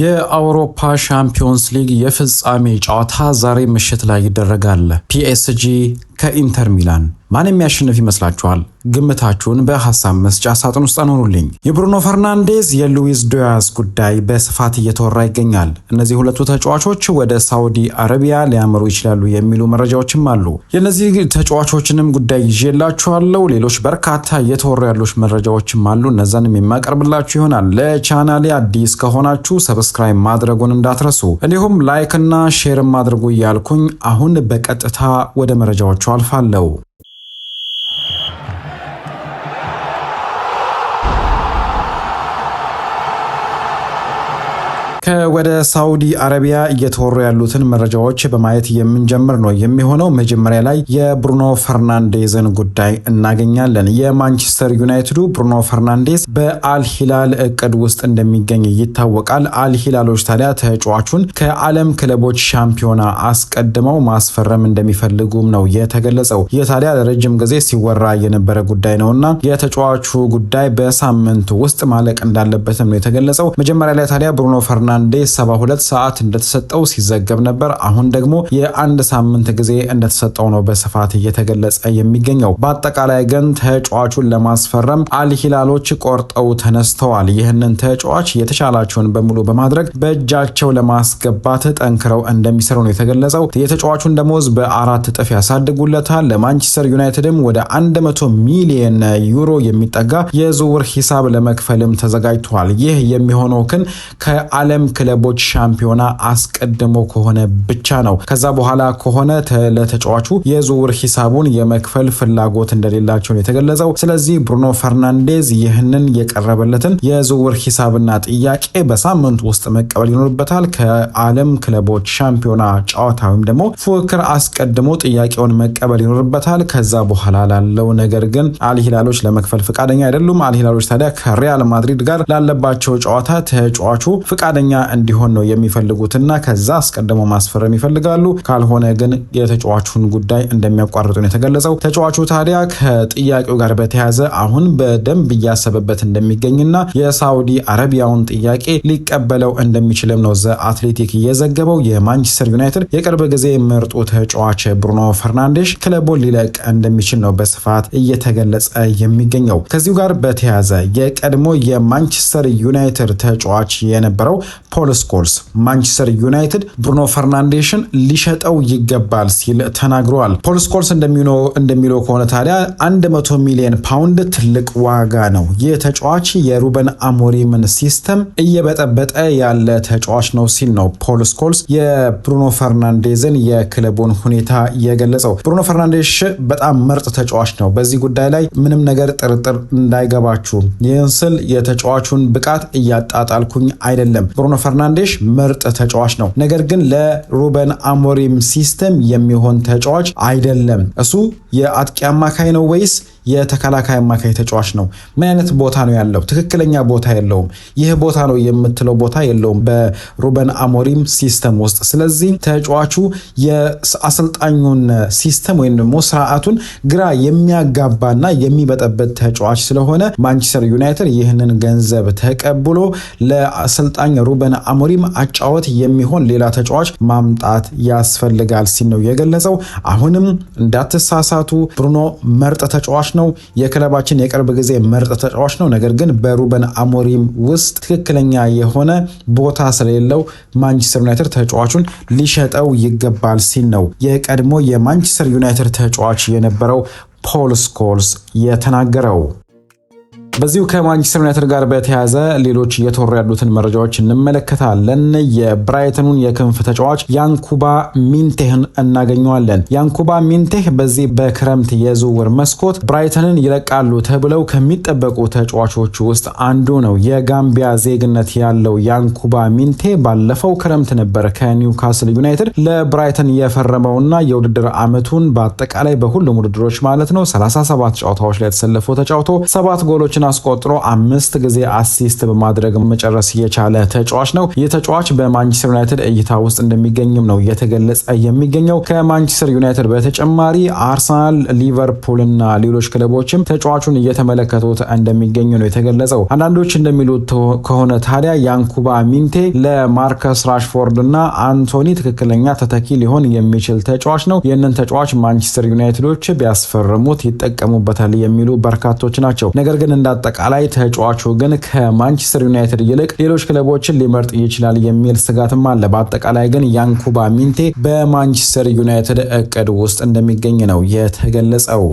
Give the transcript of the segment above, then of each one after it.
የአውሮፓ ሻምፒዮንስ ሊግ የፍጻሜ ጨዋታ ዛሬ ምሽት ላይ ይደረጋል። ፒኤስጂ ከኢንተር ሚላን ማን የሚያሸንፍ ይመስላችኋል? ግምታችሁን በሐሳብ መስጫ ሳጥን ውስጥ አኖሩልኝ። የብሩኖ ፈርናንዴዝ የሉዊስ ዲያዝ ጉዳይ በስፋት እየተወራ ይገኛል። እነዚህ ሁለቱ ተጫዋቾች ወደ ሳውዲ አረቢያ ሊያመሩ ይችላሉ የሚሉ መረጃዎችም አሉ። የእነዚህ ተጫዋቾችንም ጉዳይ ይዤላችኋለሁ። ሌሎች በርካታ እየተወሩ ያሉች መረጃዎችም አሉ። እነዛንም የማቀርብላችሁ ይሆናል። ለቻናሌ አዲስ ከሆናችሁ ሰብስክራይብ ማድረጉን እንዳትረሱ፣ እንዲሁም ላይክ እና ሼርም ማድረጉ እያልኩኝ አሁን በቀጥታ ወደ መረጃዎቹ አልፋለሁ። ከወደ ሳውዲ አረቢያ እየተወሩ ያሉትን መረጃዎች በማየት የምንጀምር ነው የሚሆነው። መጀመሪያ ላይ የብሩኖ ፈርናንዴዝን ጉዳይ እናገኛለን። የማንቸስተር ዩናይትዱ ብሩኖ ፈርናንዴዝ በአልሂላል እቅድ ውስጥ እንደሚገኝ ይታወቃል። አልሂላሎች ታዲያ ተጫዋቹን ከዓለም ክለቦች ሻምፒዮና አስቀድመው ማስፈረም እንደሚፈልጉም ነው የተገለጸው። ይህ ታዲያ ለረጅም ጊዜ ሲወራ የነበረ ጉዳይ ነውና የተጫዋቹ ጉዳይ በሳምንቱ ውስጥ ማለቅ እንዳለበትም ነው የተገለጸው። መጀመሪያ ላይ ታዲያ ብሩኖ ፈርናንዴዝ ፈርናንዴስ 72 ሰዓት እንደተሰጠው ሲዘገብ ነበር። አሁን ደግሞ የአንድ ሳምንት ጊዜ እንደተሰጠው ነው በስፋት እየተገለጸ የሚገኘው። በአጠቃላይ ግን ተጫዋቹን ለማስፈረም አልሂላሎች ቆርጠው ተነስተዋል። ይህንን ተጫዋች የተሻላቸውን በሙሉ በማድረግ በእጃቸው ለማስገባት ጠንክረው እንደሚሰሩ ነው የተገለጸው። የተጫዋቹን ደሞዝ በአራት እጥፍ ያሳድጉለታል። ለማንቸስተር ዩናይትድም ወደ 100 ሚሊየን ዩሮ የሚጠጋ የዝውውር ሂሳብ ለመክፈልም ተዘጋጅተዋል። ይህ የሚሆነው ግን ከዓለም የዓለም ክለቦች ሻምፒዮና አስቀድሞ ከሆነ ብቻ ነው። ከዛ በኋላ ከሆነ ለተጫዋቹ የዝውውር ሂሳቡን የመክፈል ፍላጎት እንደሌላቸውን የተገለጸው። ስለዚህ ብሩኖ ፈርናንዴዝ ይህንን የቀረበለትን የዝውውር ሂሳብና ጥያቄ በሳምንት ውስጥ መቀበል ይኖርበታል። ከዓለም ክለቦች ሻምፒዮና ጨዋታ ወይም ደግሞ ፉክክር አስቀድሞ ጥያቄውን መቀበል ይኖርበታል። ከዛ በኋላ ላለው ነገር ግን አልሂላሎች ለመክፈል ፈቃደኛ አይደሉም። አልሂላሎች ታዲያ ከሪያል ማድሪድ ጋር ላለባቸው ጨዋታ ተጫዋቹ ፈቃደኛ እንዲሆን ነው የሚፈልጉትና ከዛ አስቀድሞ ማስፈረም ይፈልጋሉ። ካልሆነ ግን የተጫዋቹን ጉዳይ እንደሚያቋርጡ ነው የተገለጸው። ተጫዋቹ ታዲያ ከጥያቄው ጋር በተያያዘ አሁን በደንብ እያሰበበት እንደሚገኝና የሳውዲ አረቢያውን ጥያቄ ሊቀበለው እንደሚችልም ነው ዘ አትሌቲክ እየዘገበው። የማንቸስተር ዩናይትድ የቅርብ ጊዜ ምርጡ ተጫዋች ብሩኖ ፈርናንዴሽ ክለቡን ሊለቅ እንደሚችል ነው በስፋት እየተገለጸ የሚገኘው። ከዚሁ ጋር በተያያዘ የቀድሞ የማንቸስተር ዩናይትድ ተጫዋች የነበረው ፖል ስኮልስ ማንቸስተር ዩናይትድ ብሩኖ ፈርናንዴሽን ሊሸጠው ይገባል ሲል ተናግረዋል። ፖል ስኮልስ እንደሚለው ከሆነ ታዲያ 100 ሚሊዮን ፓውንድ ትልቅ ዋጋ ነው። ይህ ተጫዋች የሩበን አሞሪምን ሲስተም እየበጠበጠ ያለ ተጫዋች ነው ሲል ነው ፖል ስኮልስ የብሩኖ ፈርናንዴዝን የክለቡን ሁኔታ የገለጸው። ብሩኖ ፈርናንዴሽ በጣም ምርጥ ተጫዋች ነው። በዚህ ጉዳይ ላይ ምንም ነገር ጥርጥር እንዳይገባችሁ። ይህን ስል የተጫዋቹን ብቃት እያጣጣልኩኝ አይደለም። ብሩኖ ፈርናንዴሽ ምርጥ ተጫዋች ነው፣ ነገር ግን ለሩበን አሞሪም ሲስተም የሚሆን ተጫዋች አይደለም። እሱ የአጥቂ አማካይ ነው ወይስ የተከላካይ አማካይ ተጫዋች ነው። ምን አይነት ቦታ ነው ያለው? ትክክለኛ ቦታ የለውም። ይህ ቦታ ነው የምትለው ቦታ የለውም በሩበን አሞሪም ሲስተም ውስጥ። ስለዚህ ተጫዋቹ የአሰልጣኙን ሲስተም ወይም ደግሞ ስርዓቱን ግራ የሚያጋባና የሚበጠበት ተጫዋች ስለሆነ ማንቸስተር ዩናይትድ ይህንን ገንዘብ ተቀብሎ ለአሰልጣኝ ሩበን አሞሪም አጫወት የሚሆን ሌላ ተጫዋች ማምጣት ያስፈልጋል ሲል ነው የገለጸው። አሁንም እንዳትሳሳቱ ብሩኖ ምርጥ ተጫዋች ነው። የክለባችን የቅርብ ጊዜ ምርጥ ተጫዋች ነው። ነገር ግን በሩበን አሞሪም ውስጥ ትክክለኛ የሆነ ቦታ ስለሌለው ማንቸስተር ዩናይትድ ተጫዋቹን ሊሸጠው ይገባል ሲል ነው የቀድሞ የማንቸስተር ዩናይትድ ተጫዋች የነበረው ፖል ስኮልስ የተናገረው። በዚሁ ከማንቸስተር ዩናይትድ ጋር በተያያዘ ሌሎች እየተወሩ ያሉትን መረጃዎች እንመለከታለን። የብራይተኑን የክንፍ ተጫዋች ያንኩባ ሚንቴህን እናገኘዋለን። ያንኩባ ሚንቴህ በዚህ በክረምት የዝውውር መስኮት ብራይተንን ይለቃሉ ተብለው ከሚጠበቁ ተጫዋቾች ውስጥ አንዱ ነው። የጋምቢያ ዜግነት ያለው ያንኩባ ሚንቴ ባለፈው ክረምት ነበር ከኒውካስል ዩናይትድ ለብራይተን የፈረመውና የውድድር አመቱን በአጠቃላይ በሁሉም ውድድሮች ማለት ነው 37 ጨዋታዎች ላይ ተሰልፎ ተጫውቶ ሰባት ጎሎችን ግቦችን አስቆጥሮ አምስት ጊዜ አሲስት በማድረግ መጨረስ የቻለ ተጫዋች ነው። ይህ ተጫዋች በማንቸስተር ዩናይትድ እይታ ውስጥ እንደሚገኝም ነው እየተገለጸ የሚገኘው። ከማንቸስተር ዩናይትድ በተጨማሪ አርሰናል፣ ሊቨርፑል እና ሌሎች ክለቦችም ተጫዋቹን እየተመለከቱት እንደሚገኙ ነው የተገለጸው። አንዳንዶች እንደሚሉት ከሆነ ታዲያ ያንኩባ ሚንቴ ለማርከስ ራሽፎርድ እና አንቶኒ ትክክለኛ ተተኪ ሊሆን የሚችል ተጫዋች ነው። ይህንን ተጫዋች ማንቸስተር ዩናይትዶች ቢያስፈርሙት ይጠቀሙበታል የሚሉ በርካቶች ናቸው። ነገር ግን እንዳ አጠቃላይ ተጫዋቹ ግን ከማንቸስተር ዩናይትድ ይልቅ ሌሎች ክለቦችን ሊመርጥ ይችላል የሚል ስጋትም አለ። በአጠቃላይ ግን ያንኩባ ሚንቴ በማንቸስተር ዩናይትድ እቅድ ውስጥ እንደሚገኝ ነው የተገለጸው።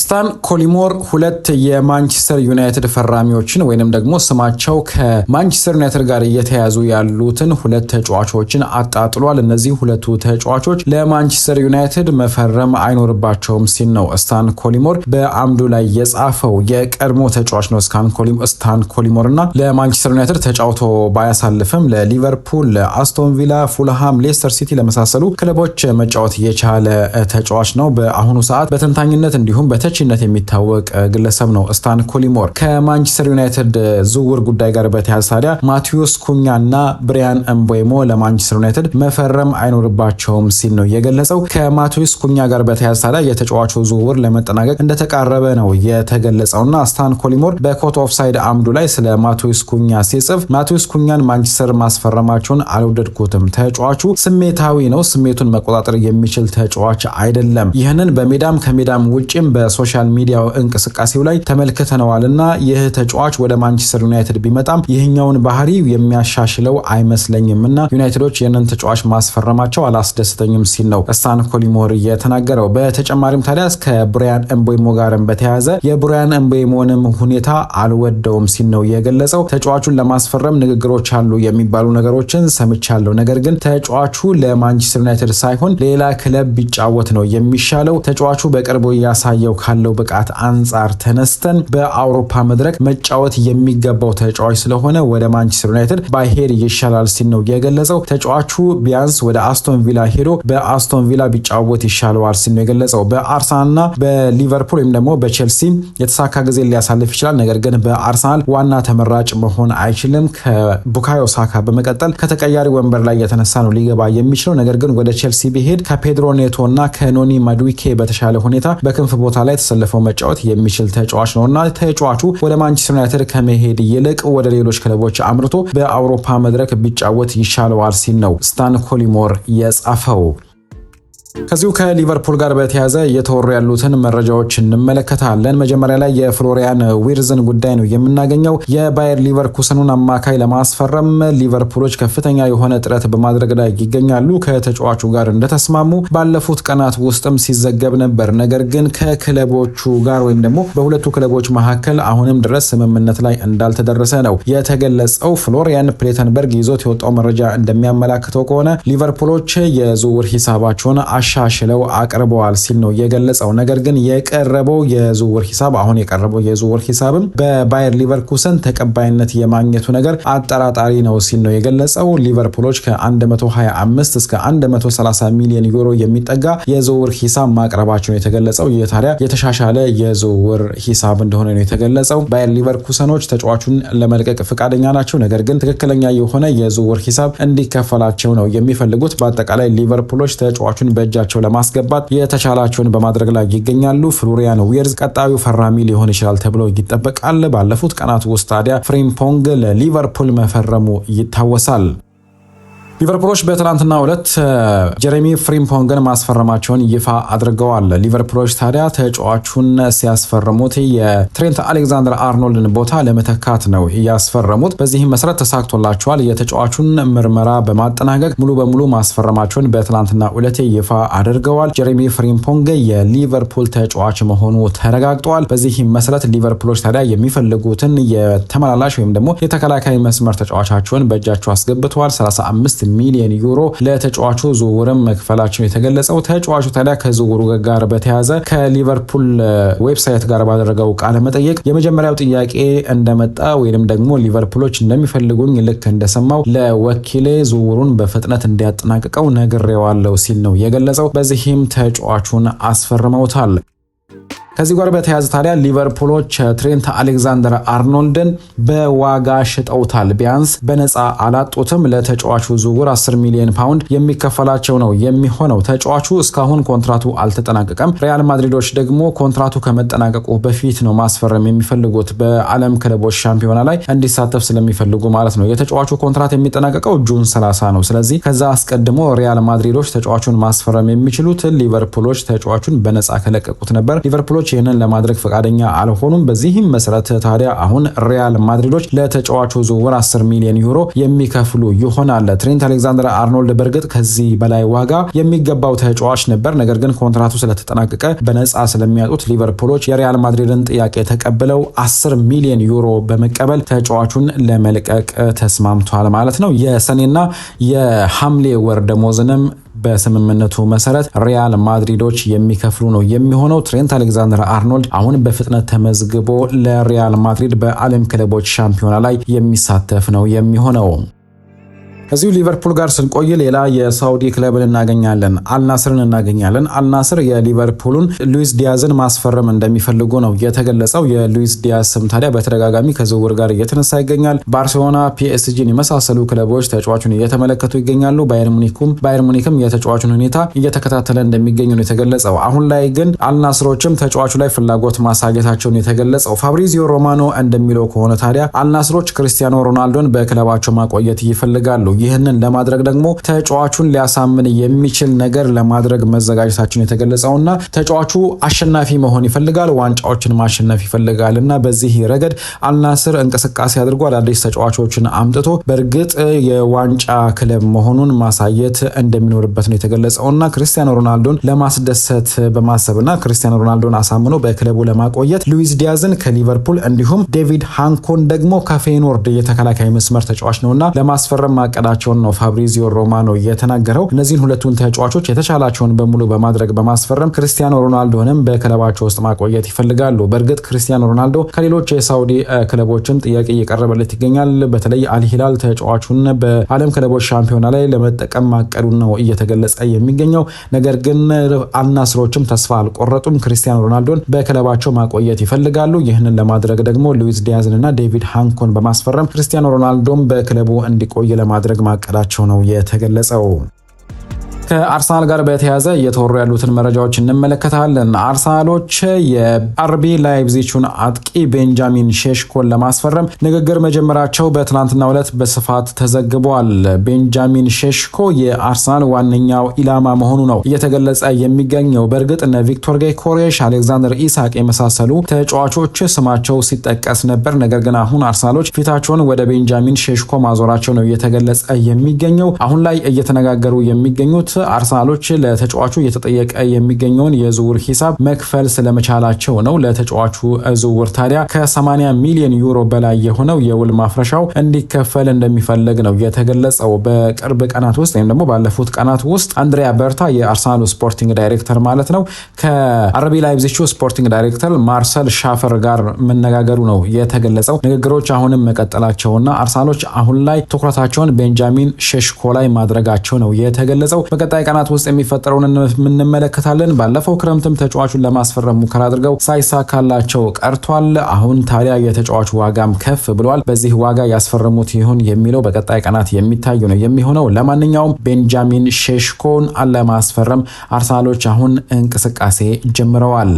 ስታን ኮሊሞር ሁለት የማንቸስተር ዩናይትድ ፈራሚዎችን ወይንም ደግሞ ስማቸው ከማንቸስተር ዩናይትድ ጋር እየተያዙ ያሉትን ሁለት ተጫዋቾችን አጣጥሏል። እነዚህ ሁለቱ ተጫዋቾች ለማንቸስተር ዩናይትድ መፈረም አይኖርባቸውም ሲል ነው ስታን ኮሊሞር በአምዱ ላይ የጻፈው። የቀድሞ ተጫዋች ነው ስታን ኮሊሞር እና ለማንቸስተር ዩናይትድ ተጫውቶ ባያሳልፍም ለሊቨርፑል፣ ለአስቶን ቪላ፣ ፉልሃም፣ ሌስተር ሲቲ ለመሳሰሉ ክለቦች መጫወት የቻለ ተጫዋች ነው። በአሁኑ ሰዓት በተንታኝነት እንዲሁም በተቺነት የሚታወቅ ግለሰብ ነው ስታን ኮሊሞር። ከማንቸስተር ዩናይትድ ዝውውር ጉዳይ ጋር በተያያዘ ታዲያ ማቴዎስ ኩኛና ብሪያን እምቦይሞ ለማንቸስተር ዩናይትድ መፈረም አይኖርባቸውም ሲል ነው የገለጸው። ከማቴዎስ ኩኛ ጋር በተያያዘ ታዲያ የተጫዋቹ ዝውውር ለመጠናቀቅ እንደተቃረበ ነው የተገለጸውና ስታን ኮሊሞር በኮት ኦፍሳይድ አምዱ ላይ ስለ ማቴዎስ ኩኛ ሲጽፍ ማቴዎስ ኩኛን ማንቸስተር ማስፈረማቸውን አልወደድኩትም። ተጫዋቹ ስሜታዊ ነው። ስሜቱን መቆጣጠር የሚችል ተጫዋች አይደለም። ይህንን በሜዳም ከሜዳም ውጭም በሶሻል ሚዲያ እንቅስቃሴው ላይ ተመልክተነዋል ይህ ተጫዋች ወደ ማንቸስተር ዩናይትድ ቢመጣም ይህኛውን ባህሪ የሚያሻሽለው አይመስለኝም እና ዩናይትዶች ይህንን ተጫዋች ማስፈረማቸው አላስደስተኝም ሲል ነው ስታን ኮሊሞር የተናገረው። በተጨማሪም ታዲያ ከብሪያን ኤምቦይሞ ጋርም በተያያዘ የብሪያን ኤምቦይሞንም ሁኔታ አልወደውም ሲል ነው የገለጸው። ተጫዋቹን ለማስፈረም ንግግሮች አሉ የሚባሉ ነገሮችን ሰምቻለሁ፣ ነገር ግን ተጫዋቹ ለማንቸስተር ዩናይትድ ሳይሆን ሌላ ክለብ ቢጫወት ነው የሚሻለው። ተጫዋቹ በቅርቡ ያሳየው በየደረጃው ካለው ብቃት አንጻር ተነስተን በአውሮፓ መድረክ መጫወት የሚገባው ተጫዋች ስለሆነ ወደ ማንቸስተር ዩናይትድ ባይሄድ ይሻላል ሲል ነው የገለጸው። ተጫዋቹ ቢያንስ ወደ አስቶን ቪላ ሄዶ በአስቶን ቪላ ቢጫወት ይሻለዋል ሲል ነው የገለጸው። በአርሰናልና በሊቨርፑል ወይም ደግሞ በቼልሲ የተሳካ ጊዜ ሊያሳልፍ ይችላል። ነገር ግን በአርሰናል ዋና ተመራጭ መሆን አይችልም። ከቡካዮ ሳካ በመቀጠል ከተቀያሪ ወንበር ላይ የተነሳ ነው ሊገባ የሚችለው። ነገር ግን ወደ ቼልሲ ቢሄድ ከፔድሮ ኔቶ እና ከኖኒ ማዱዊኬ በተሻለ ሁኔታ በክንፍ ቦታ ላይ ተሰልፈው መጫወት የሚችል ተጫዋች ነው እና ተጫዋቹ ወደ ማንቸስተር ዩናይትድ ከመሄድ ይልቅ ወደ ሌሎች ክለቦች አምርቶ በአውሮፓ መድረክ ቢጫወት ይሻለዋል ሲል ነው ስታን ኮሊሞር የጻፈው። ከዚሁ ከሊቨርፑል ጋር በተያያዘ እየተወሩ ያሉትን መረጃዎች እንመለከታለን። መጀመሪያ ላይ የፍሎሪያን ዊርዝን ጉዳይ ነው የምናገኘው። የባየር ሊቨርኩሰኑን አማካይ ለማስፈረም ሊቨርፑሎች ከፍተኛ የሆነ ጥረት በማድረግ ላይ ይገኛሉ። ከተጫዋቹ ጋር እንደተስማሙ ባለፉት ቀናት ውስጥም ሲዘገብ ነበር። ነገር ግን ከክለቦቹ ጋር ወይም ደግሞ በሁለቱ ክለቦች መካከል አሁንም ድረስ ስምምነት ላይ እንዳልተደረሰ ነው የተገለጸው። ፍሎሪያን ፕሌተንበርግ ይዞት የወጣው መረጃ እንደሚያመላክተው ከሆነ ሊቨርፑሎች የዝውውር ሂሳባቸውን አሻሽለው አቅርበዋል ሲል ነው የገለጸው። ነገር ግን የቀረበው የዝውውር ሂሳብ አሁን የቀረበው የዝውውር ሂሳብም በባየር ሊቨርኩሰን ተቀባይነት የማግኘቱ ነገር አጠራጣሪ ነው ሲል ነው የገለጸው። ሊቨርፑሎች ከ125 እስከ 130 ሚሊዮን ዩሮ የሚጠጋ የዝውውር ሂሳብ ነው የተገለጸው የታዲያ የተሻሻለ የዝውውር ሂሳብ እንደሆነ ነው የተገለጸው። ባየር ሊቨርኩሰኖች ተጫዋቹን ለመልቀቅ ፈቃደኛ ናቸው፣ ነገር ግን ትክክለኛ የሆነ የዝውውር ሂሳብ እንዲከፈላቸው ነው የሚፈልጉት። በአጠቃላይ ሊቨርፑሎች ተጫዋቹን በ እጃቸው ለማስገባት የተቻላቸውን በማድረግ ላይ ይገኛሉ። ፍሎሪያን ዊርዝ ቀጣዩ ፈራሚ ሊሆን ይችላል ተብሎ ይጠበቃል። ባለፉት ቀናት ውስጥ ታዲያ ፍሪምፖንግ ለሊቨርፑል መፈረሙ ይታወሳል። ሊቨርፑሎች በትናንትና ሁለት ጀሬሚ ፍሪምፖንግን ማስፈረማቸውን ይፋ አድርገዋል። ሊቨርፑሎች ታዲያ ተጫዋቹን ሲያስፈርሙት የትሬንት አሌክዛንደር አርኖልድን ቦታ ለመተካት ነው እያስፈረሙት በዚህም መሰረት ተሳክቶላቸዋል። የተጫዋቹን ምርመራ በማጠናቀቅ ሙሉ በሙሉ ማስፈረማቸውን በትናንትና ሁለት ይፋ አድርገዋል። ጀሬሚ ፍሪምፖንግ የሊቨርፑል ተጫዋች መሆኑ ተረጋግጧል። በዚህም መሰረት ሊቨርፑሎች ታዲያ የሚፈልጉትን የተመላላሽ ወይም ደግሞ የተከላካይ መስመር ተጫዋቻቸውን በእጃቸው አስገብተዋል። 35 ሚሊዮን ዩሮ ለተጫዋቹ ዝውውርም መክፈላቸው የተገለጸው ተጫዋቹ ታዲያ ከዝውውሩ ጋር በተያያዘ ከሊቨርፑል ዌብሳይት ጋር ባደረገው ቃለ መጠየቅ የመጀመሪያው ጥያቄ እንደመጣ ወይም ደግሞ ሊቨርፑሎች እንደሚፈልጉኝ ልክ እንደሰማው ለወኪሌ ዝውውሩን በፍጥነት እንዲያጠናቅቀው ነግሬዋለሁ ሲል ነው የገለጸው። በዚህም ተጫዋቹን አስፈርመውታል። ከዚህ ጋር በተያያዘ ታዲያ ሊቨርፑሎች ትሬንት አሌክዛንደር አርኖልድን በዋጋ ሽጠውታል። ቢያንስ በነፃ አላጡትም። ለተጫዋቹ ዝውውር 10 ሚሊዮን ፓውንድ የሚከፈላቸው ነው የሚሆነው። ተጫዋቹ እስካሁን ኮንትራቱ አልተጠናቀቀም። ሪያል ማድሪዶች ደግሞ ኮንትራቱ ከመጠናቀቁ በፊት ነው ማስፈረም የሚፈልጉት በዓለም ክለቦች ሻምፒዮና ላይ እንዲሳተፍ ስለሚፈልጉ ማለት ነው። የተጫዋቹ ኮንትራት የሚጠናቀቀው ጁን 30 ነው። ስለዚህ ከዛ አስቀድሞ ሪያል ማድሪዶች ተጫዋቹን ማስፈረም የሚችሉት ሊቨርፑሎች ተጫዋቹን በነፃ ከለቀቁት ነበር። ሊቨርፑሎች ክለቦች ይህንን ለማድረግ ፈቃደኛ አልሆኑም። በዚህም መሰረት ታዲያ አሁን ሪያል ማድሪዶች ለተጫዋቹ ዝውውር 10 ሚሊዮን ዩሮ የሚከፍሉ ይሆናል። ትሬንት አሌክዛንደር አርኖልድ በእርግጥ ከዚህ በላይ ዋጋ የሚገባው ተጫዋች ነበር። ነገር ግን ኮንትራቱ ስለተጠናቀቀ በነፃ ስለሚያጡት ሊቨርፑሎች የሪያል ማድሪድን ጥያቄ ተቀብለው 10 ሚሊዮን ዩሮ በመቀበል ተጫዋቹን ለመልቀቅ ተስማምቷል ማለት ነው። የሰኔና የሐምሌ ወር ደሞዝንም በስምምነቱ መሰረት ሪያል ማድሪዶች የሚከፍሉ ነው የሚሆነው። ትሬንት አሌክዛንደር አርኖልድ አሁን በፍጥነት ተመዝግቦ ለሪያል ማድሪድ በዓለም ክለቦች ሻምፒዮና ላይ የሚሳተፍ ነው የሚሆነው። እዚሁ ሊቨርፑል ጋር ስንቆይ ሌላ የሳውዲ ክለብን እናገኛለን። አልናስርን እናገኛለን። አልናስር የሊቨርፑልን ሉዊስ ዲያዝን ማስፈረም እንደሚፈልጉ ነው የተገለጸው። የሉዊስ ዲያዝ ስም ታዲያ በተደጋጋሚ ከዝውውር ጋር እየተነሳ ይገኛል። ባርሴሎና፣ ፒኤስጂን የመሳሰሉ ክለቦች ተጫዋቹን እየተመለከቱ ይገኛሉ። ባየር ሙኒኩም ባየር ሙኒክም የተጫዋቹን ሁኔታ እየተከታተለ እንደሚገኙ ነው የተገለጸው። አሁን ላይ ግን አልናስሮችም ተጫዋቹ ላይ ፍላጎት ማሳየታቸውን የተገለጸው። ፋብሪዚዮ ሮማኖ እንደሚለው ከሆነ ታዲያ አልናስሮች ክርስቲያኖ ሮናልዶን በክለባቸው ማቆየት ይፈልጋሉ። ይህንን ለማድረግ ደግሞ ተጫዋቹን ሊያሳምን የሚችል ነገር ለማድረግ መዘጋጀታችን የተገለጸውና ተጫዋቹ አሸናፊ መሆን ይፈልጋል፣ ዋንጫዎችን ማሸነፍ ይፈልጋል እና በዚህ ረገድ አልናስር እንቅስቃሴ አድርጎ አዳዲስ ተጫዋቾችን አምጥቶ በእርግጥ የዋንጫ ክለብ መሆኑን ማሳየት እንደሚኖርበት ነው የተገለጸውና ክርስቲያኖ ሮናልዶን ለማስደሰት በማሰብና ክርስቲያኖ ሮናልዶን አሳምኖ በክለቡ ለማቆየት ሉዊስ ዲያዝን ከሊቨርፑል እንዲሁም ዴቪድ ሃንኮን ደግሞ ከፌኖርድ የተከላካይ መስመር ተጫዋች ነውና ለማስፈረም ማቀዳ መቀጠላቸውን ነው ፋብሪዚዮ ሮማኖ የተናገረው። እነዚህን ሁለቱን ተጫዋቾች የተቻላቸውን በሙሉ በማድረግ በማስፈረም ክርስቲያኖ ሮናልዶንም በክለባቸው ውስጥ ማቆየት ይፈልጋሉ። በእርግጥ ክርስቲያኖ ሮናልዶ ከሌሎች የሳውዲ ክለቦችን ጥያቄ እየቀረበለት ይገኛል። በተለይ አልሂላል ተጫዋቹን በዓለም ክለቦች ሻምፒዮና ላይ ለመጠቀም ማቀዱን ነው እየተገለጸ የሚገኘው። ነገር ግን አልናስሮችም ተስፋ አልቆረጡም። ክርስቲያኖ ሮናልዶን በክለባቸው ማቆየት ይፈልጋሉ። ይህንን ለማድረግ ደግሞ ሉዊስ ዲያዝን እና ዴቪድ ሃንኮን በማስፈረም ክርስቲያኖ ሮናልዶም በክለቡ እንዲቆይ ለማድረግ ማቀዳቸው ነው የተገለጸው። ከአርሰናል ጋር በተያያዘ እየተወሩ ያሉትን መረጃዎች እንመለከታለን። አርሰናሎች የአርቢ ላይፕዚቹን አጥቂ ቤንጃሚን ሼሽኮን ለማስፈረም ንግግር መጀመራቸው በትናንትናው ዕለት በስፋት ተዘግቧል። ቤንጃሚን ሼሽኮ የአርሰናል ዋነኛው ኢላማ መሆኑ ነው እየተገለጸ የሚገኘው። በእርግጥ እነ ቪክቶር ጌ ኮሬሽ፣ አሌክዛንደር ኢሳቅ የመሳሰሉ ተጫዋቾች ስማቸው ሲጠቀስ ነበር። ነገር ግን አሁን አርሰናሎች ፊታቸውን ወደ ቤንጃሚን ሼሽኮ ማዞራቸው ነው እየተገለጸ የሚገኘው። አሁን ላይ እየተነጋገሩ የሚገኙት አርሰናሎች ለተጫዋቹ እየተጠየቀ የሚገኘውን የዝውውር ሂሳብ መክፈል ስለመቻላቸው ነው። ለተጫዋቹ ዝውውር ታዲያ ከ80 ሚሊዮን ዩሮ በላይ የሆነው የውል ማፍረሻው እንዲከፈል እንደሚፈለግ ነው የተገለጸው። በቅርብ ቀናት ውስጥ ወይም ደግሞ ባለፉት ቀናት ውስጥ አንድሪያ በርታ የአርሰናሉ ስፖርቲንግ ዳይሬክተር ማለት ነው ከአረቢ ላይፕዚግ ስፖርቲንግ ዳይሬክተር ማርሰል ሻፈር ጋር መነጋገሩ ነው የተገለጸው። ንግግሮች አሁንም መቀጠላቸውና አርሰናሎች አሁን ላይ ትኩረታቸውን ቤንጃሚን ሸሽኮ ላይ ማድረጋቸው ነው የተገለጸው። በቀጣይ ቀናት ውስጥ የሚፈጠረውን እንመለከታለን። ባለፈው ክረምትም ተጫዋቹን ለማስፈረም ሙከራ አድርገው ሳይሳካላቸው ቀርቷል። አሁን ታዲያ የተጫዋቹ ዋጋም ከፍ ብሏል። በዚህ ዋጋ ያስፈረሙት ይሁን የሚለው በቀጣይ ቀናት የሚታዩ ነው የሚሆነው። ለማንኛውም ቤንጃሚን ሼሽኮን ለማስፈረም አርሰናሎች አሁን እንቅስቃሴ ጀምረዋል።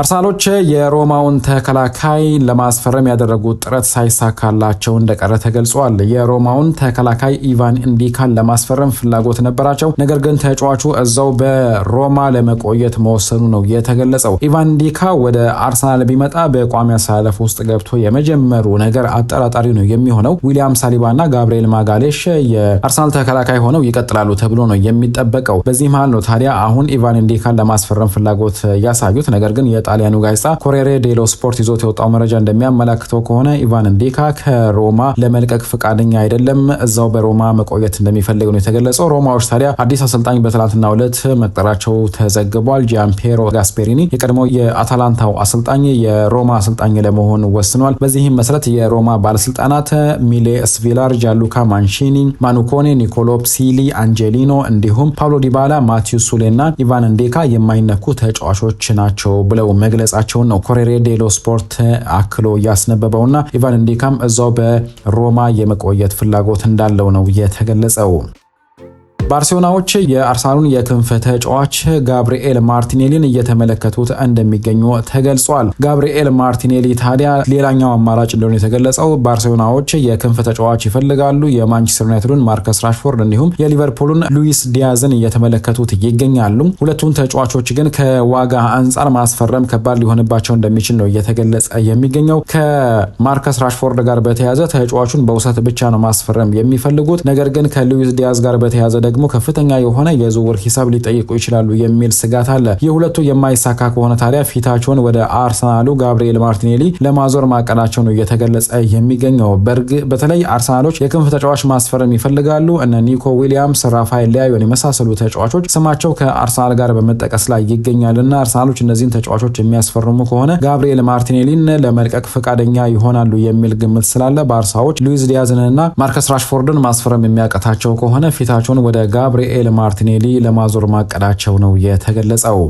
አርሰናሎች የሮማውን ተከላካይ ለማስፈረም ያደረጉት ጥረት ሳይሳካላቸው እንደቀረ ተገልጿል። የሮማውን ተከላካይ ኢቫን እንዲካን ለማስፈረም ፍላጎት ነበራቸው። ነገር ግን ተጫዋቹ እዛው በሮማ ለመቆየት መወሰኑ ነው የተገለጸው። ኢቫን እንዲካ ወደ አርሰናል ቢመጣ በቋሚ አሰላለፍ ውስጥ ገብቶ የመጀመሩ ነገር አጠራጣሪ ነው የሚሆነው። ዊሊያም ሳሊባና ጋብርኤል ማጋሌሽ የአርሰናል ተከላካይ ሆነው ይቀጥላሉ ተብሎ ነው የሚጠበቀው። በዚህ መሀል ነው ታዲያ አሁን ኢቫን እንዲካን ለማስፈረም ፍላጎት ያሳዩት ነገር ግን የጣሊያኑ ጋዜጣ ኮሬሬ ዴሎ ስፖርት ይዞት የወጣው መረጃ እንደሚያመላክተው ከሆነ ኢቫን እንዴካ ከሮማ ለመልቀቅ ፈቃደኛ አይደለም፣ እዛው በሮማ መቆየት እንደሚፈልግ ነው የተገለጸው። ሮማዎች ታዲያ አዲስ አሰልጣኝ በትናንትናው ዕለት መቅጠራቸው ተዘግቧል። ጂያምፔሮ ጋስፔሪኒ የቀድሞው የአታላንታው አሰልጣኝ የሮማ አሰልጣኝ ለመሆን ወስኗል። በዚህም መሰረት የሮማ ባለስልጣናት ሚሌ ስቪላር፣ ጃሉካ ማንሺኒ፣ ማኑኮኔ፣ ኒኮሎ ፕሲሊ፣ አንጀሊኖ እንዲሁም ፓውሎ ዲባላ፣ ማቲዩ ሱሌ እና ኢቫን እንዴካ የማይነኩ ተጫዋቾች ናቸው ብለው መግለጻቸውን ነው ኮሬሬ ዴሎ ስፖርት አክሎ እያስነበበውና ኢቫን እንዲካም እዛው በሮማ የመቆየት ፍላጎት እንዳለው ነው የተገለጸው። ባርሴሎናዎች የአርሰናሉን የክንፍ ተጫዋች ጋብሪኤል ማርቲኔሊን እየተመለከቱት እንደሚገኙ ተገልጿል። ጋብሪኤል ማርቲኔሊ ታዲያ ሌላኛው አማራጭ እንደሆነ የተገለጸው ባርሴሎናዎች የክንፍ ተጫዋች ይፈልጋሉ። የማንቸስተር ዩናይትዱን ማርከስ ራሽፎርድ እንዲሁም የሊቨርፑሉን ሉዊስ ዲያዝን እየተመለከቱት ይገኛሉ። ሁለቱን ተጫዋቾች ግን ከዋጋ አንጻር ማስፈረም ከባድ ሊሆንባቸው እንደሚችል ነው እየተገለጸ የሚገኘው። ከማርከስ ራሽፎርድ ጋር በተያያዘ ተጫዋቹን በውሰት ብቻ ነው ማስፈረም የሚፈልጉት። ነገር ግን ከሉዊስ ዲያዝ ጋር በተያያዘ ደግሞ ደግሞ ከፍተኛ የሆነ የዝውውር ሂሳብ ሊጠይቁ ይችላሉ የሚል ስጋት አለ። የሁለቱ የማይሳካ ከሆነ ታዲያ ፊታቸውን ወደ አርሰናሉ ጋብሪኤል ማርቲኔሊ ለማዞር ማቀዳቸው ነው እየተገለጸ የሚገኘው። በርግ በተለይ አርሰናሎች የክንፍ ተጫዋች ማስፈረም ይፈልጋሉ። እነ ኒኮ ዊሊያምስ፣ ራፋኤል ሊያዮን የመሳሰሉ ተጫዋቾች ስማቸው ከአርሰናል ጋር በመጠቀስ ላይ ይገኛልና አርሰናሎች እነዚህን ተጫዋቾች የሚያስፈርሙ ከሆነ ጋብሪኤል ማርቲኔሊን ለመልቀቅ ፈቃደኛ ይሆናሉ የሚል ግምት ስላለ ባርሳዎች ሉዊዝ ዲያዝንና ማርከስ ራሽፎርድን ማስፈረም የሚያቀታቸው ከሆነ ፊታቸውን ወደ ጋብርኤል ማርቲኔሊ ለማዞር ማቀዳቸው ነው የተገለጸው።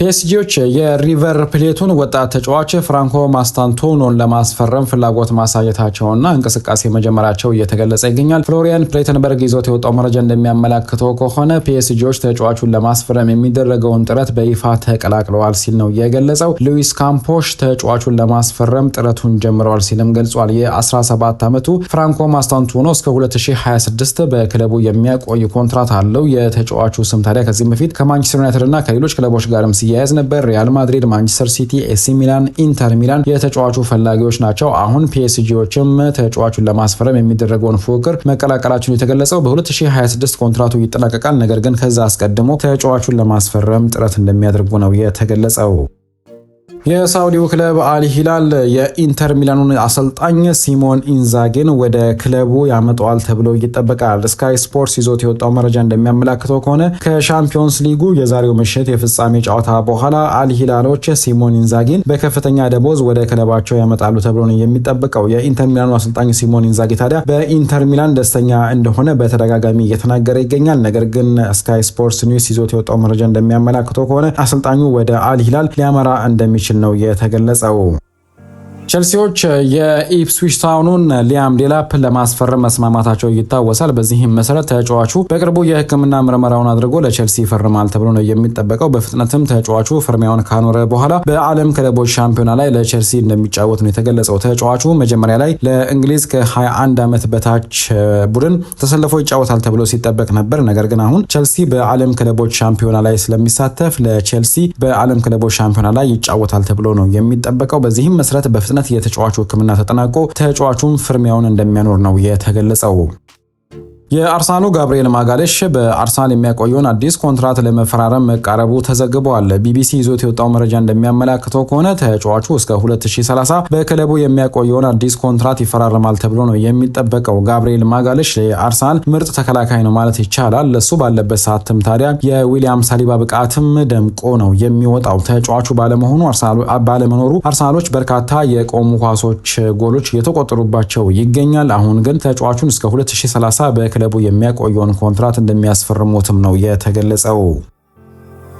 ፒኤስጂዎች የሪቨር ፕሌቱን ወጣት ተጫዋች ፍራንኮ ማስታንቶኖን ለማስፈረም ፍላጎት ማሳየታቸውና እንቅስቃሴ መጀመራቸው እየተገለጸ ይገኛል። ፍሎሪያን ፕሌተንበርግ ይዞት የወጣው መረጃ እንደሚያመላክተው ከሆነ ፒኤስጂዎች ተጫዋቹን ለማስፈረም የሚደረገውን ጥረት በይፋ ተቀላቅለዋል ሲል ነው የገለጸው። ሉዊስ ካምፖሽ ተጫዋቹን ለማስፈረም ጥረቱን ጀምረዋል ሲልም ገልጿል። የ17 ዓመቱ ፍራንኮ ማስታንቶኖ እስከ 2026 በክለቡ የሚያቆይ ኮንትራት አለው። የተጫዋቹ ስም ታዲያ ከዚህም በፊት ከማንቸስተር ዩናይትድ እና ከሌሎች ክለቦች ጋርም ሲያያዝ ነበር። ሪያል ማድሪድ፣ ማንቸስተር ሲቲ፣ ኤሲ ሚላን፣ ኢንተር ሚላን የተጫዋቹ ፈላጊዎች ናቸው። አሁን ፒኤስጂዎችም ተጫዋቹን ለማስፈረም የሚደረገውን ፉክክር መቀላቀላቸውን የተገለጸው በ2026 ኮንትራቱ ይጠናቀቃል። ነገር ግን ከዛ አስቀድሞ ተጫዋቹን ለማስፈረም ጥረት እንደሚያደርጉ ነው የተገለጸው። የሳውዲው ክለብ አልሂላል የኢንተር ሚላኑን አሰልጣኝ ሲሞን ኢንዛጌን ወደ ክለቡ ያመጣዋል ተብሎ ይጠበቃል። ስካይ ስፖርትስ ይዞት የወጣው መረጃ እንደሚያመላክተው ከሆነ ከሻምፒዮንስ ሊጉ የዛሬው ምሽት የፍጻሜ ጨዋታ በኋላ አልሂላሎች ሲሞን ኢንዛጌን በከፍተኛ ደቦዝ ወደ ክለባቸው ያመጣሉ ተብሎ ነው የሚጠበቀው። የኢንተር ሚላኑ አሰልጣኝ ሲሞን ኢንዛጌ ታዲያ በኢንተር ሚላን ደስተኛ እንደሆነ በተደጋጋሚ እየተናገረ ይገኛል። ነገር ግን ስካይ ስፖርትስ ኒውስ ይዞት የወጣው መረጃ እንደሚያመላክተው ከሆነ አሰልጣኙ ወደ አልሂላል ሊያመራ እንደሚችል መሆናችን ነው የተገለጸው። ቸልሲዎች የኢፕስዊች ታውኑን ሊያም ዴላፕ ለማስፈረም መስማማታቸው ይታወሳል። በዚህም መሰረት ተጫዋቹ በቅርቡ የሕክምና ምርመራውን አድርጎ ለቸልሲ ይፈርማል ተብሎ ነው የሚጠበቀው። በፍጥነትም ተጫዋቹ ፍርሚያውን ካኖረ በኋላ በዓለም ክለቦች ሻምፒዮና ላይ ለቸልሲ እንደሚጫወት ነው የተገለጸው። ተጫዋቹ መጀመሪያ ላይ ለእንግሊዝ ከ21 ዓመት በታች ቡድን ተሰልፎ ይጫወታል ተብሎ ሲጠበቅ ነበር። ነገር ግን አሁን ቸልሲ በዓለም ክለቦች ሻምፒዮና ላይ ስለሚሳተፍ ለቸልሲ በዓለም ክለቦች ሻምፒዮና ላይ ይጫወታል ተብሎ ነው የሚጠበቀው። በዚህም መሰረት በፍጥነት በፍጥነት የተጫዋቹ ሕክምና ተጠናቆ ተጫዋቹም ፍርሚያውን እንደሚያኖር ነው የተገለጸው። የአርሰናሉ ጋብርኤል ማጋለሽ በአርሰናል የሚያቆየውን አዲስ ኮንትራት ለመፈራረም መቃረቡ ተዘግበዋል። ቢቢሲ ይዞት የወጣው መረጃ እንደሚያመላክተው ከሆነ ተጫዋቹ እስከ 2030 በክለቡ የሚያቆየውን አዲስ ኮንትራት ይፈራረማል ተብሎ ነው የሚጠበቀው። ጋብርኤል ማጋለሽ የአርሰናል ምርጥ ተከላካይ ነው ማለት ይቻላል። ለሱ ባለበት ሰዓትም ታዲያ የዊሊያም ሳሊባ ብቃትም ደምቆ ነው የሚወጣው። ተጫዋቹ ባለመሆኑ ባለመኖሩ አርሰናሎች በርካታ የቆሙ ኳሶች ጎሎች እየተቆጠሩባቸው ይገኛል። አሁን ግን ተጫዋቹን እስከ 2030 በክለቡ የሚያቆየውን ኮንትራት እንደሚያስፈርሙትም ነው የተገለጸው።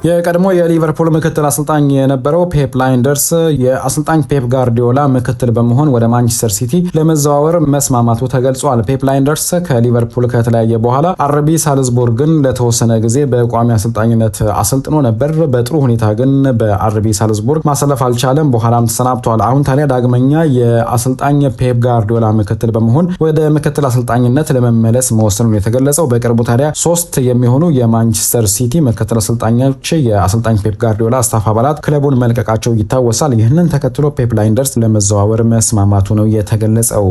የቀድሞ የሊቨርፑል ምክትል አሰልጣኝ የነበረው ፔፕ ላይንደርስ የአሰልጣኝ ፔፕ ጋርዲዮላ ምክትል በመሆን ወደ ማንቸስተር ሲቲ ለመዘዋወር መስማማቱ ተገልጿል። ፔፕ ላይንደርስ ከሊቨርፑል ከተለያየ በኋላ አርቢ ሳልዝቡርግን ለተወሰነ ጊዜ በቋሚ አሰልጣኝነት አሰልጥኖ ነበር። በጥሩ ሁኔታ ግን በአርቢ ሳልዝቡርግ ማሰለፍ አልቻለም፣ በኋላም ተሰናብቷል። አሁን ታዲያ ዳግመኛ የአሰልጣኝ ፔፕ ጋርዲዮላ ምክትል በመሆን ወደ ምክትል አሰልጣኝነት ለመመለስ መወሰኑን የተገለጸው በቅርቡ ታዲያ ሶስት የሚሆኑ የማንቸስተር ሲቲ ምክትል አሰልጣኞች ፌነርባቼ የአሰልጣኝ ፔፕ ጋርዲዮላ ስታፍ አባላት ክለቡን መልቀቃቸው ይታወሳል። ይህንን ተከትሎ ፔፕ ላይንደርስ ለመዘዋወር መስማማቱ ነው የተገለጸው።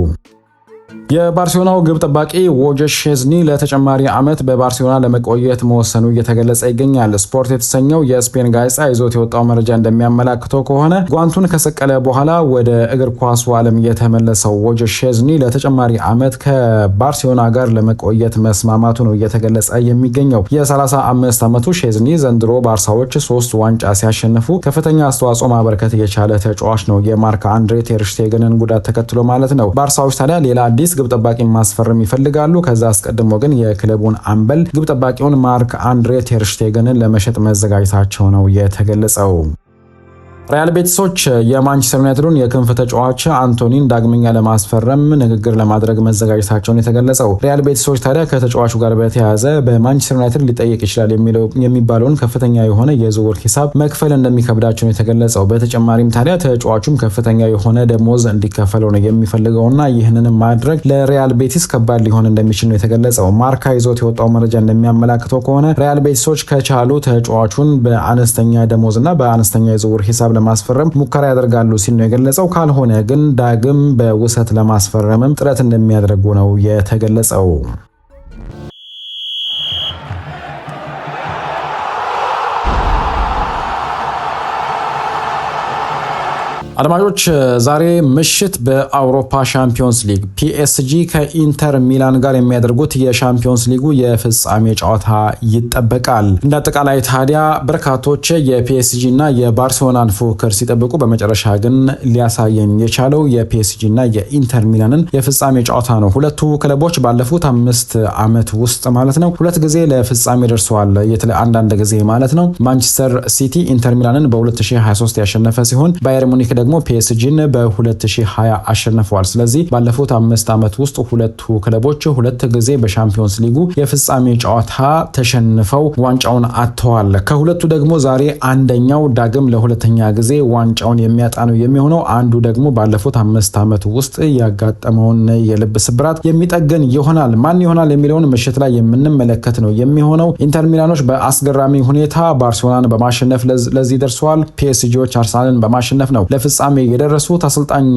የባርሴሎናው ግብ ጠባቂ ወጀሽ ሼዝኒ ለተጨማሪ ዓመት በባርሴሎና ለመቆየት መወሰኑ እየተገለጸ ይገኛል። ስፖርት የተሰኘው የስፔን ጋዜጣ ይዞት የወጣው መረጃ እንደሚያመላክተው ከሆነ ጓንቱን ከሰቀለ በኋላ ወደ እግር ኳሱ ዓለም የተመለሰው ወጀሽ ሼዝኒ ለተጨማሪ ዓመት ከባርሴሎና ጋር ለመቆየት መስማማቱ ነው እየተገለጸ የሚገኘው። የ35 ዓመቱ ሼዝኒ ዘንድሮ ባርሳዎች ሶስት ዋንጫ ሲያሸንፉ ከፍተኛ አስተዋጽኦ ማበረከት የቻለ ተጫዋች ነው። የማርክ አንድሬ ቴርሽቴገንን ጉዳት ተከትሎ ማለት ነው። ባርሳዎች ታዲያ ሌላ አዲስ ግብ ጠባቂ ማስፈረም ይፈልጋሉ። ከዛ አስቀድሞ ግን የክለቡን አምበል ግብ ጠባቂውን ማርክ አንድሬ ቴርሽቴገንን ለመሸጥ መዘጋጀታቸው ነው የተገለጸው። ሪያል ቤቲሶች የማንቸስተር ዩናይትዱን የክንፍ ተጫዋች አንቶኒን ዳግመኛ ለማስፈረም ንግግር ለማድረግ መዘጋጀታቸውን የተገለጸው ሪያል ቤቲሶች ታዲያ ከተጫዋቹ ጋር በተያያዘ በማንቸስተር ዩናይትድ ሊጠየቅ ይችላል የሚባለውን ከፍተኛ የሆነ የዝውውር ሂሳብ መክፈል እንደሚከብዳቸውን የተገለጸው። በተጨማሪም ታዲያ ተጫዋቹም ከፍተኛ የሆነ ደሞዝ እንዲከፈለው ነው የሚፈልገውና ይህንንም ማድረግ ለሪያል ቤቲስ ከባድ ሊሆን እንደሚችል ነው የተገለጸው። ማርካ ይዞት የወጣው መረጃ እንደሚያመላክተው ከሆነ ሪያል ቤቲሶች ከቻሉ ተጫዋቹን በአነስተኛ ደሞዝ እና በአነስተኛ የዝውውር ሂሳብ ለማስፈረም ሙከራ ያደርጋሉ ሲል ነው የገለጸው። ካልሆነ ግን ዳግም በውሰት ለማስፈረምም ጥረት እንደሚያደርጉ ነው የተገለጸው። አድማጮች ዛሬ ምሽት በአውሮፓ ሻምፒዮንስ ሊግ ፒኤስጂ ከኢንተር ሚላን ጋር የሚያደርጉት የሻምፒዮንስ ሊጉ የፍጻሜ ጨዋታ ይጠበቃል። እንደ አጠቃላይ ታዲያ በርካቶች የፒኤስጂ እና የባርሴሎናን ፉክክር ሲጠብቁ በመጨረሻ ግን ሊያሳየን የቻለው የፒኤስጂ እና የኢንተር ሚላንን የፍጻሜ ጨዋታ ነው። ሁለቱ ክለቦች ባለፉት አምስት ዓመት ውስጥ ማለት ነው ሁለት ጊዜ ለፍጻሜ ደርሰዋል። የተለ አንዳንድ ጊዜ ማለት ነው ማንቸስተር ሲቲ ኢንተር ሚላንን በ2023 ያሸነፈ ሲሆን ባየር ሙኒክ ደግሞ ፒኤስጂን በ2020 አሸንፈዋል። ስለዚህ ባለፉት አምስት ዓመት ውስጥ ሁለቱ ክለቦች ሁለት ጊዜ በሻምፒዮንስ ሊጉ የፍጻሜ ጨዋታ ተሸንፈው ዋንጫውን አጥተዋል። ከሁለቱ ደግሞ ዛሬ አንደኛው ዳግም ለሁለተኛ ጊዜ ዋንጫውን የሚያጣ ነው የሚሆነው። አንዱ ደግሞ ባለፉት አምስት ዓመት ውስጥ ያጋጠመውን የልብ ስብራት የሚጠገን ይሆናል። ማን ይሆናል የሚለውን ምሽት ላይ የምንመለከት ነው የሚሆነው። ኢንተር ሚላኖች በአስገራሚ ሁኔታ ባርሴሎናን በማሸነፍ ለዚህ ደርሰዋል። ፒኤስጂዎች አርሰናልን በማሸነፍ ነው ለፍ ፍጻሜ የደረሱት አሰልጣኝ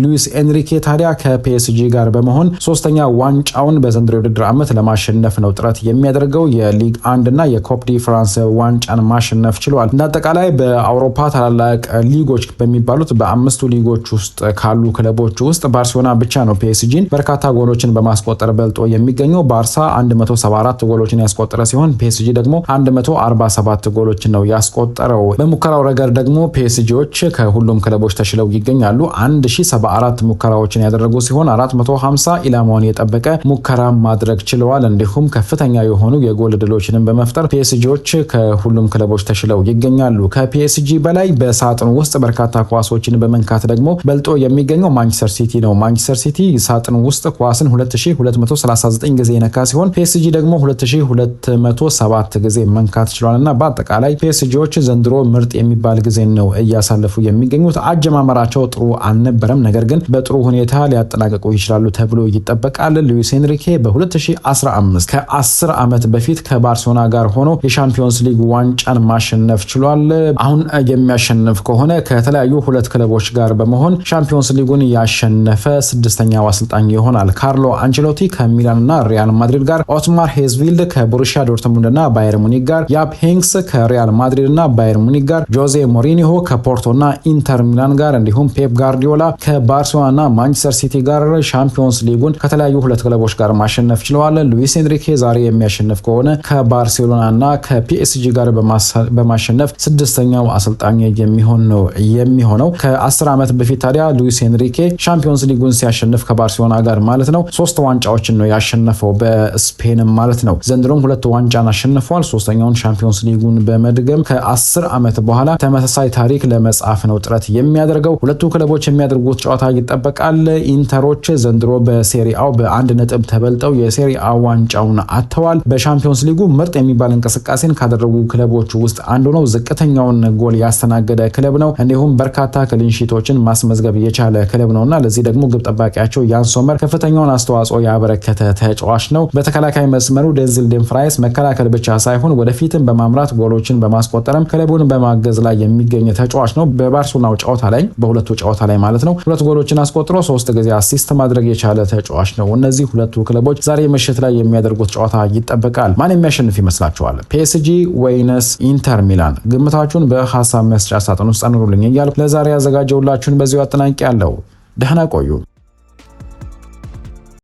ሉዊስ ኤንሪኬ ታዲያ ከፒኤስጂ ጋር በመሆን ሶስተኛ ዋንጫውን በዘንድሮ የውድድር ዓመት ለማሸነፍ ነው ጥረት የሚያደርገው። የሊግ አንድ እና የኮፕ ዲ ፍራንስ ዋንጫን ማሸነፍ ችሏል። እንደ አጠቃላይ በአውሮፓ ታላላቅ ሊጎች በሚባሉት በአምስቱ ሊጎች ውስጥ ካሉ ክለቦች ውስጥ ባርሴሎና ብቻ ነው ፒኤስጂን በርካታ ጎሎችን በማስቆጠር በልጦ የሚገኘው። ባርሳ 174 ጎሎችን ያስቆጠረ ሲሆን ፒኤስጂ ደግሞ 147 ጎሎችን ነው ያስቆጠረው። በሙከራው ረገድ ደግሞ ፒኤስጂዎች ከሁሉም ክለ ክለቦች ተችለው ይገኛሉ። 1074 ሙከራዎችን ያደረጉ ሲሆን 450 ኢላማውን የጠበቀ ሙከራ ማድረግ ችለዋል። እንዲሁም ከፍተኛ የሆኑ የጎል እድሎችንም በመፍጠር ፒኤስጂዎች ከሁሉም ክለቦች ተችለው ይገኛሉ። ከፒኤስጂ በላይ በሳጥኑ ውስጥ በርካታ ኳሶችን በመንካት ደግሞ በልጦ የሚገኘው ማንቸስተር ሲቲ ነው። ማንቸስተር ሲቲ ሳጥኑ ውስጥ ኳስን 2239 ጊዜ የነካ ሲሆን ፒኤስጂ ደግሞ 2207 ጊዜ መንካት ችሏል እና በአጠቃላይ ፒኤስጂዎች ዘንድሮ ምርጥ የሚባል ጊዜ ነው እያሳለፉ የሚገኙት። አጀማመራቸው ጥሩ አልነበረም፣ ነገር ግን በጥሩ ሁኔታ ሊያጠናቀቁ ይችላሉ ተብሎ ይጠበቃል። ሉዊስ ሄንሪኬ በ2015 ከ10 ዓመት በፊት ከባርሴሎና ጋር ሆኖ የሻምፒዮንስ ሊግ ዋንጫን ማሸነፍ ችሏል። አሁን የሚያሸንፍ ከሆነ ከተለያዩ ሁለት ክለቦች ጋር በመሆን ሻምፒዮንስ ሊጉን ያሸነፈ ስድስተኛው አሰልጣኝ ይሆናል። ካርሎ አንቸሎቲ ከሚላንና ሪያል ማድሪድ ጋር፣ ኦትማር ሄዝቪልድ ከቦሩሺያ ዶርትሙንድና ባየር ሙኒክ ጋር፣ ያፕ ሄንክስ ከሪያል ማድሪድና ባየር ሙኒክ ጋር፣ ጆዜ ሞሪኒሆ ከፖርቶና ኢንተር ሚላን ጋር እንዲሁም ፔፕ ጋርዲዮላ ከባርሴሎናና ማንቸስተር ሲቲ ጋር ሻምፒዮንስ ሊጉን ከተለያዩ ሁለት ክለቦች ጋር ማሸነፍ ችለዋል። ሉዊስ ኤንሪኬ ዛሬ የሚያሸንፍ ከሆነ ከባርሴሎናና ከፒኤስጂ ጋር በማሸነፍ ስድስተኛው አሰልጣኝ የሚሆን ነው የሚሆነው። ከአስር ዓመት በፊት ታዲያ ሉዊስ ኤንሪኬ ሻምፒዮንስ ሊጉን ሲያሸንፍ ከባርሴሎና ጋር ማለት ነው ሶስት ዋንጫዎችን ነው ያሸነፈው በስፔንም ማለት ነው። ዘንድሮም ሁለት ዋንጫን አሸንፏል። ሶስተኛውን ሻምፒዮንስ ሊጉን በመድገም ከአስር ዓመት በኋላ ተመሳሳይ ታሪክ ለመጻፍ ነው ጥረት የሚያደርገው። ሁለቱ ክለቦች የሚያደርጉት ጨዋታ ይጠበቃል። ኢንተሮች ዘንድሮ በሴሪአው በአንድ ነጥብ ተበልጠው የሴሪአ ዋንጫውን አጥተዋል። በሻምፒዮንስ ሊጉ ምርጥ የሚባል እንቅስቃሴን ካደረጉ ክለቦች ውስጥ አንዱ ነው። ዝቅተኛውን ጎል ያስተናገደ ክለብ ነው። እንዲሁም በርካታ ክሊንሺቶችን ማስመዝገብ የቻለ ክለብ ነውና ለዚህ ደግሞ ግብ ጠባቂያቸው ያን ሶመር ከፍተኛውን አስተዋጽኦ ያበረከተ ተጫዋች ነው። በተከላካይ መስመሩ ደንዝል ደምፍራይስ መከላከል ብቻ ሳይሆን ወደፊትም በማምራት ጎሎችን በማስቆጠርም ክለቡን በማገዝ ላይ የሚገኝ ተጫዋች ነው። በባርሶናው ጨዋታ ላይ በሁለቱ ጨዋታ ላይ ማለት ነው ሁለት ጎሎችን አስቆጥሮ ሶስት ጊዜ አሲስት ማድረግ የቻለ ተጫዋች ነው። እነዚህ ሁለቱ ክለቦች ዛሬ ምሽት ላይ የሚያደርጉት ጨዋታ ይጠበቃል። ማን የሚያሸንፍ ይመስላችኋል? ፒኤስጂ ወይነስ ኢንተር ሚላን? ግምታችሁን በሀሳብ መስጫ ሳጥን ውስጥ አኑሩልኝ እያልኩ ለዛሬ ያዘጋጀውላችሁን በዚሁ አጠናቂ ያለው ደህና ቆዩ።